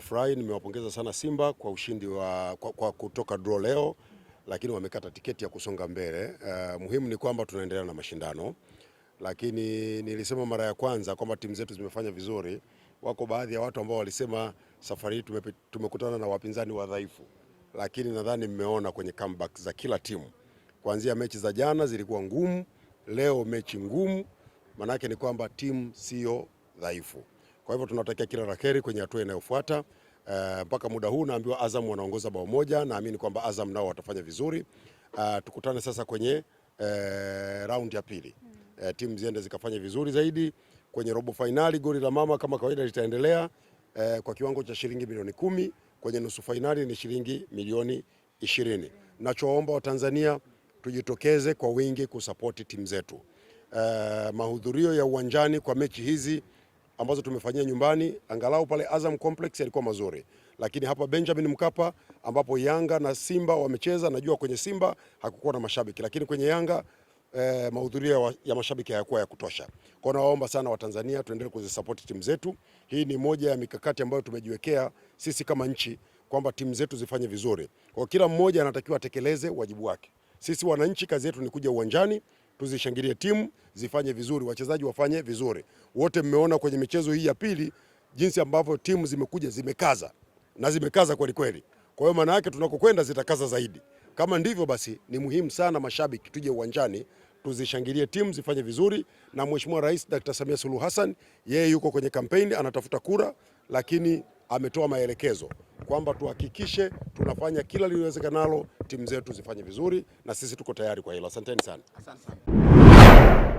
Nafurahi, nimewapongeza sana Simba kwa ushindi wa, kwa, kwa kutoka draw leo, lakini wamekata tiketi ya kusonga mbele. Uh, muhimu ni kwamba tunaendelea na mashindano, lakini nilisema mara ya kwanza kwamba timu zetu zimefanya vizuri. Wako baadhi ya watu ambao walisema safari hii tumekutana na wapinzani wadhaifu, lakini nadhani mmeona kwenye comeback za kila timu, kuanzia mechi za jana zilikuwa ngumu, leo mechi ngumu, maanake ni kwamba timu sio dhaifu. Kwa hivyo tunatakia kila laheri kwenye hatua inayofuata. Eh, mpaka muda huu naambiwa Azam wanaongoza bao moja, naamini kwamba Azam nao watafanya vizuri. Uh, tukutane sasa kwenye uh, eh, raundi ya pili uh, timu ziende zikafanya vizuri zaidi kwenye robo fainali. Goli la mama kama kawaida litaendelea uh, kwa kiwango cha shilingi milioni kumi. Kwenye nusu fainali ni shilingi milioni ishirini. Nachoomba Watanzania tujitokeze kwa wingi kusapoti timu zetu. Uh, mahudhurio ya uwanjani kwa mechi hizi ambazo tumefanyia nyumbani, angalau pale Azam Complex yalikuwa mazuri, lakini hapa Benjamin Mkapa ambapo Yanga na Simba wamecheza, najua kwenye Simba hakukuwa na mashabiki, lakini kwenye Yanga eh, mahudhurio ya mashabiki hayakuwa ya kutosha. Kwa hiyo nawaomba sana Watanzania tuendelee kuzisapoti timu zetu. Hii ni moja ya mikakati ambayo tumejiwekea sisi kama nchi kwamba timu zetu zifanye vizuri. Kwa kila mmoja anatakiwa atekeleze wajibu wake. Sisi wananchi kazi yetu ni kuja uwanjani tuzishangilie timu zifanye vizuri, wachezaji wafanye vizuri. Wote mmeona kwenye michezo hii ya pili jinsi ambavyo timu zimekuja zimekaza na zimekaza kweli kweli. Kwa hiyo maana yake tunakokwenda zitakaza zaidi. Kama ndivyo basi, ni muhimu sana mashabiki tuje uwanjani tuzishangilie timu zifanye vizuri, na Mheshimiwa Rais Dr. Samia Suluhu Hassan yeye yuko kwenye kampeni anatafuta kura, lakini ametoa maelekezo kwamba tuhakikishe tunafanya kila liliwezekanalo timu zetu zifanye vizuri, na sisi tuko tayari kwa hilo. Asanteni sana, asante sana.